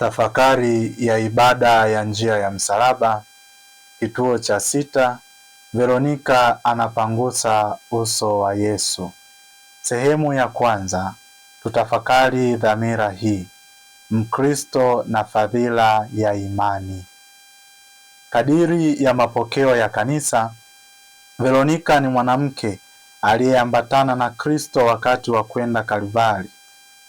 Tafakari ya ibada ya njia ya msalaba, kituo cha sita. Veronika anapangusa uso wa Yesu. Sehemu ya kwanza, tutafakari dhamira hii: Mkristo na fadhila ya imani. Kadiri ya mapokeo ya Kanisa, Veronika ni mwanamke aliyeambatana na Kristo wakati wa kwenda Kalvari.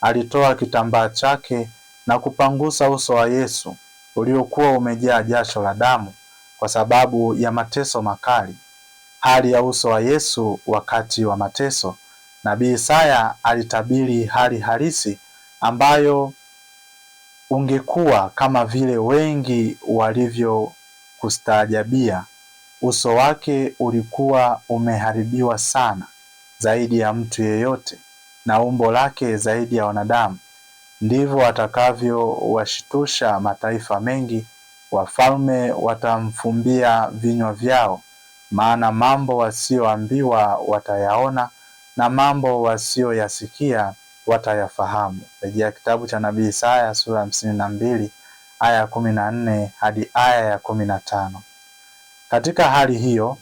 Alitoa kitambaa chake na kupangusa uso wa Yesu uliokuwa umejaa jasho la damu kwa sababu ya mateso makali. Hali ya uso wa Yesu wakati wa mateso. Nabii Isaya alitabiri hali halisi ambayo ungekuwa kama vile wengi walivyokustaajabia. Uso wake ulikuwa umeharibiwa sana zaidi ya mtu yeyote na umbo lake zaidi ya wanadamu ndivyo atakavyowashtusha mataifa mengi. Wafalme watamfumbia vinywa vyao, maana mambo wasiyoambiwa watayaona na mambo wasiyoyasikia watayafahamu. Rejea kitabu cha nabii Isaya sura hamsini na mbili aya ya kumi na nne hadi aya ya kumi na tano. Katika hali hiyo,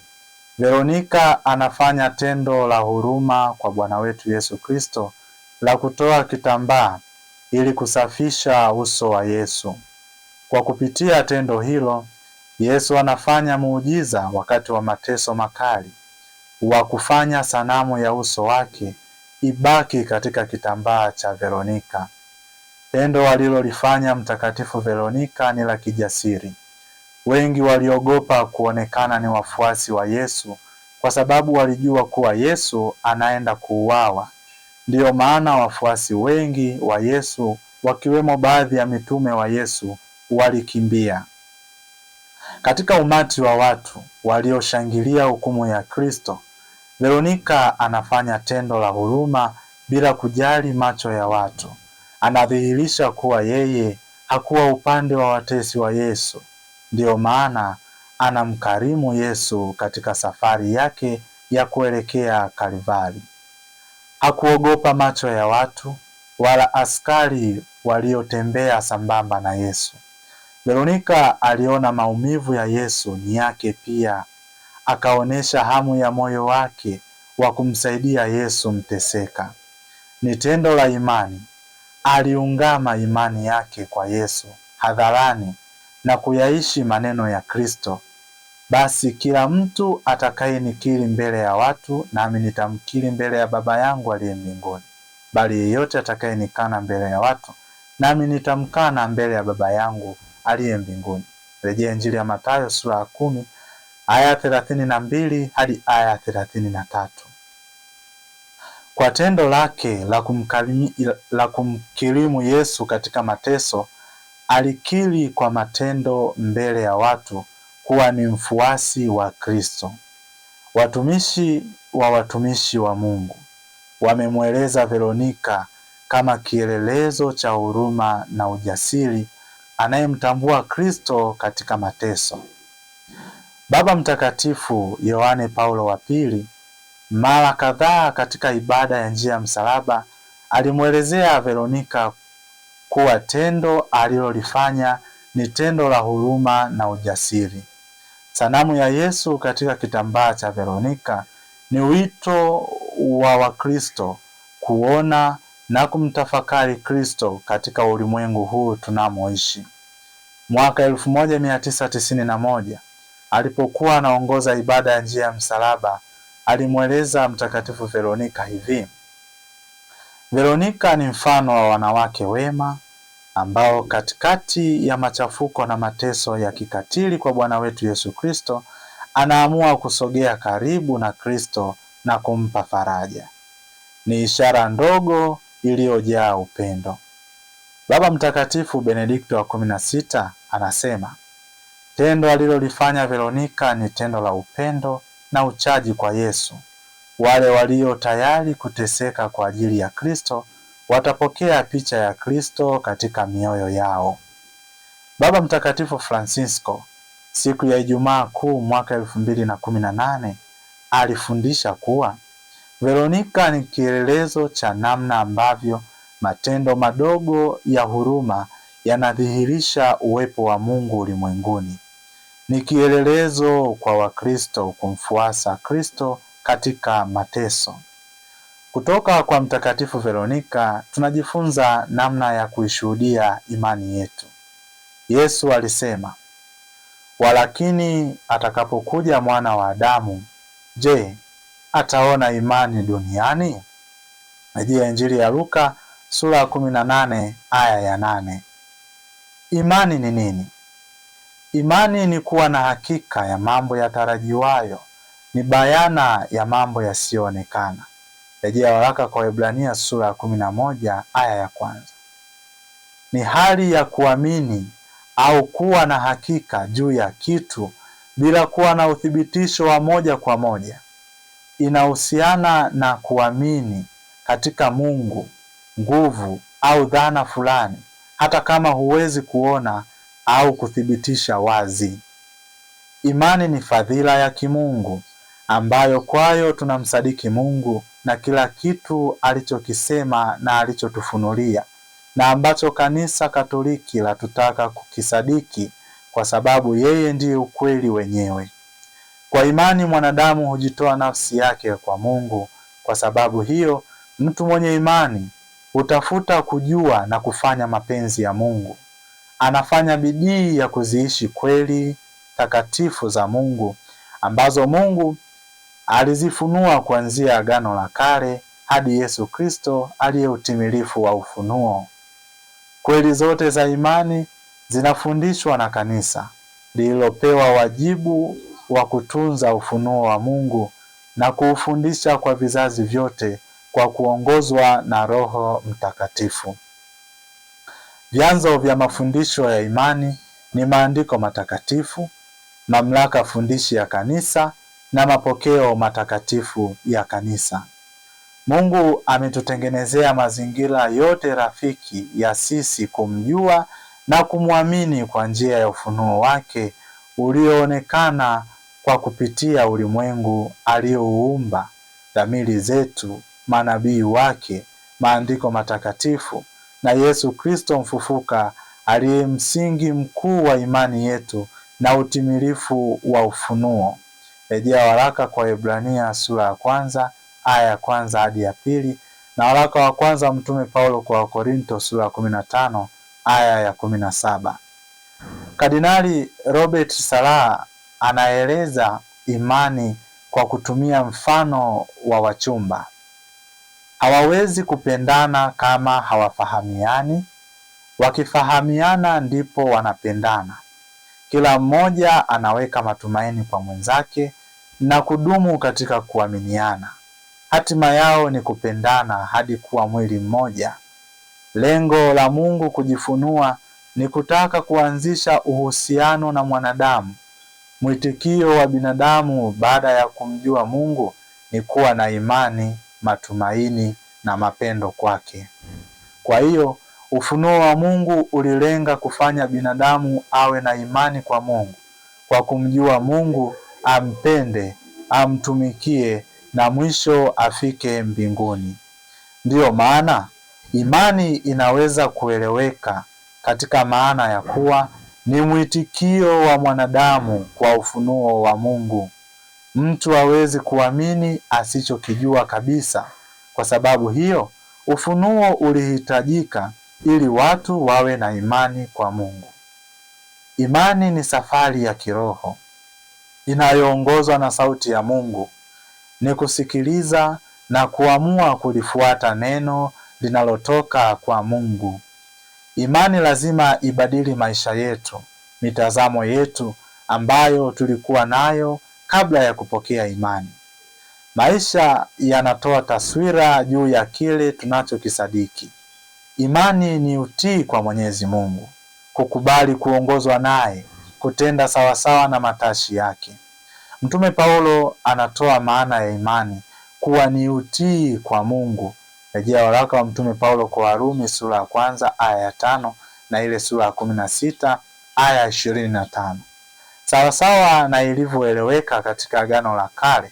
Veronika anafanya tendo la huruma kwa Bwana wetu Yesu Kristo la kutoa kitambaa ili kusafisha uso wa Yesu. Kwa kupitia tendo hilo, Yesu anafanya muujiza wakati wa mateso makali wa kufanya sanamu ya uso wake ibaki katika kitambaa cha Veronika. Tendo alilolifanya Mtakatifu Veronika ni la kijasiri. Wengi waliogopa kuonekana ni wafuasi wa Yesu kwa sababu walijua kuwa Yesu anaenda kuuawa. Ndiyo maana wafuasi wengi wa Yesu wakiwemo baadhi ya mitume wa Yesu walikimbia. Katika umati wa watu walioshangilia hukumu ya Kristo, Veronika anafanya tendo la huruma bila kujali macho ya watu. Anadhihirisha kuwa yeye hakuwa upande wa watesi wa Yesu. Ndiyo maana anamkarimu Yesu katika safari yake ya kuelekea Kalvari. Hakuogopa macho ya watu wala askari waliotembea sambamba na Yesu. Veronika aliona maumivu ya Yesu ni yake pia, akaonyesha hamu ya moyo wake wa kumsaidia Yesu mteseka. Ni tendo la imani, aliungama imani yake kwa Yesu hadharani na kuyaishi maneno ya Kristo basi kila mtu atakayenikiri mbele ya watu, nami nitamkiri mbele ya Baba yangu aliye mbinguni. Bali yeyote atakayenikana mbele ya watu, nami nitamkana mbele ya Baba yangu aliye mbinguni. Rejea Injili ya Mathayo sura ya kumi aya thelathini na mbili hadi aya thelathini na tatu. Kwa tendo lake la kumkarimu, la kumkirimu Yesu katika mateso alikiri kwa matendo mbele ya watu kuwa ni mfuasi wa Kristo. Watumishi wa watumishi wa Mungu wamemweleza Veronika kama kielelezo cha huruma na ujasiri anayemtambua Kristo katika mateso. Baba Mtakatifu Yohane Paulo wa Pili mara kadhaa katika ibada ya njia ya msalaba alimwelezea Veronika kuwa tendo alilolifanya ni tendo la huruma na ujasiri. Sanamu ya Yesu katika kitambaa cha Veronika ni wito wa Wakristo kuona na kumtafakari Kristo katika ulimwengu huu tunamoishi. Mwaka 1991 alipokuwa anaongoza ibada ya njia ya msalaba, alimweleza Mtakatifu Veronika hivi: Veronika ni mfano wa wanawake wema ambao katikati ya machafuko na mateso ya kikatili kwa Bwana wetu Yesu Kristo anaamua kusogea karibu na Kristo na kumpa faraja. Ni ishara ndogo iliyojaa upendo. Baba Mtakatifu Benedikto wa kumi na sita anasema tendo alilolifanya Veronika ni tendo la upendo na uchaji kwa Yesu. Wale walio tayari kuteseka kwa ajili ya Kristo watapokea picha ya Kristo katika mioyo yao. Baba Mtakatifu Francisco siku ya Ijumaa Kuu mwaka elfu mbili na kumi na nane alifundisha kuwa Veronika ni kielelezo cha namna ambavyo matendo madogo ya huruma yanadhihirisha uwepo wa Mungu ulimwenguni. Ni kielelezo kwa Wakristo kumfuasa Kristo katika mateso. Kutoka kwa Mtakatifu Veronika tunajifunza namna ya kuishuhudia imani yetu. Yesu alisema, walakini atakapokuja mwana wa Adamu, je, ataona imani duniani? Rejea Injili ya Luka sura ya 18 aya ya nane. Imani ni nini? Imani ni kuwa na hakika ya mambo yatarajiwayo, ni bayana ya mambo yasiyoonekana. Rejea waraka kwa Waebrania sura ya kumi na moja aya ya kwanza. Ni hali ya kuamini au kuwa na hakika juu ya kitu bila kuwa na uthibitisho wa moja kwa moja. Inahusiana na kuamini katika Mungu, nguvu au dhana fulani, hata kama huwezi kuona au kuthibitisha wazi. Imani ni fadhila ya kimungu ambayo kwayo tunamsadiki Mungu na kila kitu alichokisema na alichotufunulia na ambacho Kanisa Katoliki latutaka kukisadiki kwa sababu yeye ndiye ukweli wenyewe. Kwa imani mwanadamu hujitoa nafsi yake kwa Mungu. Kwa sababu hiyo, mtu mwenye imani hutafuta kujua na kufanya mapenzi ya Mungu. Anafanya bidii ya kuziishi kweli takatifu za Mungu ambazo Mungu alizifunua kuanzia Agano la Kale hadi Yesu Kristo aliye utimilifu wa ufunuo. Kweli zote za imani zinafundishwa na kanisa lililopewa wajibu wa kutunza ufunuo wa Mungu na kuufundisha kwa vizazi vyote kwa kuongozwa na Roho Mtakatifu. Vyanzo vya mafundisho ya imani ni maandiko matakatifu, mamlaka fundishi ya kanisa na mapokeo matakatifu ya Kanisa. Mungu ametutengenezea mazingira yote rafiki ya sisi kumjua na kumwamini kwa njia ya ufunuo wake ulioonekana kwa kupitia ulimwengu aliouumba dhamiri zetu, manabii wake, maandiko matakatifu na Yesu Kristo mfufuka aliye msingi mkuu wa imani yetu na utimilifu wa ufunuo. Rejea waraka kwa Waebrania sura ya kwanza aya ya kwanza hadi ya pili na waraka wa kwanza Mtume Paulo kwa Wakorinto sura ya kumi na tano aya ya kumi na saba. Kardinali Robert Sarah anaeleza imani kwa kutumia mfano wa wachumba. Hawawezi kupendana kama hawafahamiani. Wakifahamiana ndipo wanapendana. Kila mmoja anaweka matumaini kwa mwenzake na kudumu katika kuaminiana. Hatima yao ni kupendana hadi kuwa mwili mmoja. Lengo la Mungu kujifunua ni kutaka kuanzisha uhusiano na mwanadamu. Mwitikio wa binadamu baada ya kumjua Mungu ni kuwa na imani, matumaini na mapendo kwake. Kwa hiyo ufunuo wa Mungu ulilenga kufanya binadamu awe na imani kwa Mungu. Kwa kumjua Mungu ampende, amtumikie na mwisho afike mbinguni. Ndiyo maana imani inaweza kueleweka katika maana ya kuwa ni mwitikio wa mwanadamu kwa ufunuo wa Mungu. Mtu hawezi kuamini asichokijua kabisa. Kwa sababu hiyo, ufunuo ulihitajika ili watu wawe na imani kwa Mungu. Imani ni safari ya kiroho inayoongozwa na sauti ya Mungu ni kusikiliza na kuamua kulifuata neno linalotoka kwa Mungu. Imani lazima ibadili maisha yetu, mitazamo yetu ambayo tulikuwa nayo kabla ya kupokea imani. Maisha yanatoa taswira juu ya kile tunachokisadiki. Imani ni utii kwa Mwenyezi Mungu, kukubali kuongozwa naye kutenda sawasawa na matashi yake. Mtume Paulo anatoa maana ya imani kuwa ni utii kwa Mungu. Rejea waraka wa Mtume Paulo kwa Warumi sura ya kwanza aya ya tano na ile sura ya kumi na sita aya ya ishirini na tano sawasawa na ilivyoeleweka katika Agano la Kale.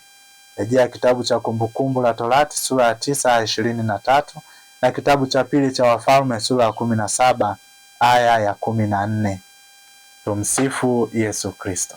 Rejea kitabu cha Kumbukumbu la Torati sura ya tisa aya ishirini na tatu na kitabu cha pili cha Wafalme sura ya kumi na saba aya ya kumi na nne. Tumsifu Yesu Kristo.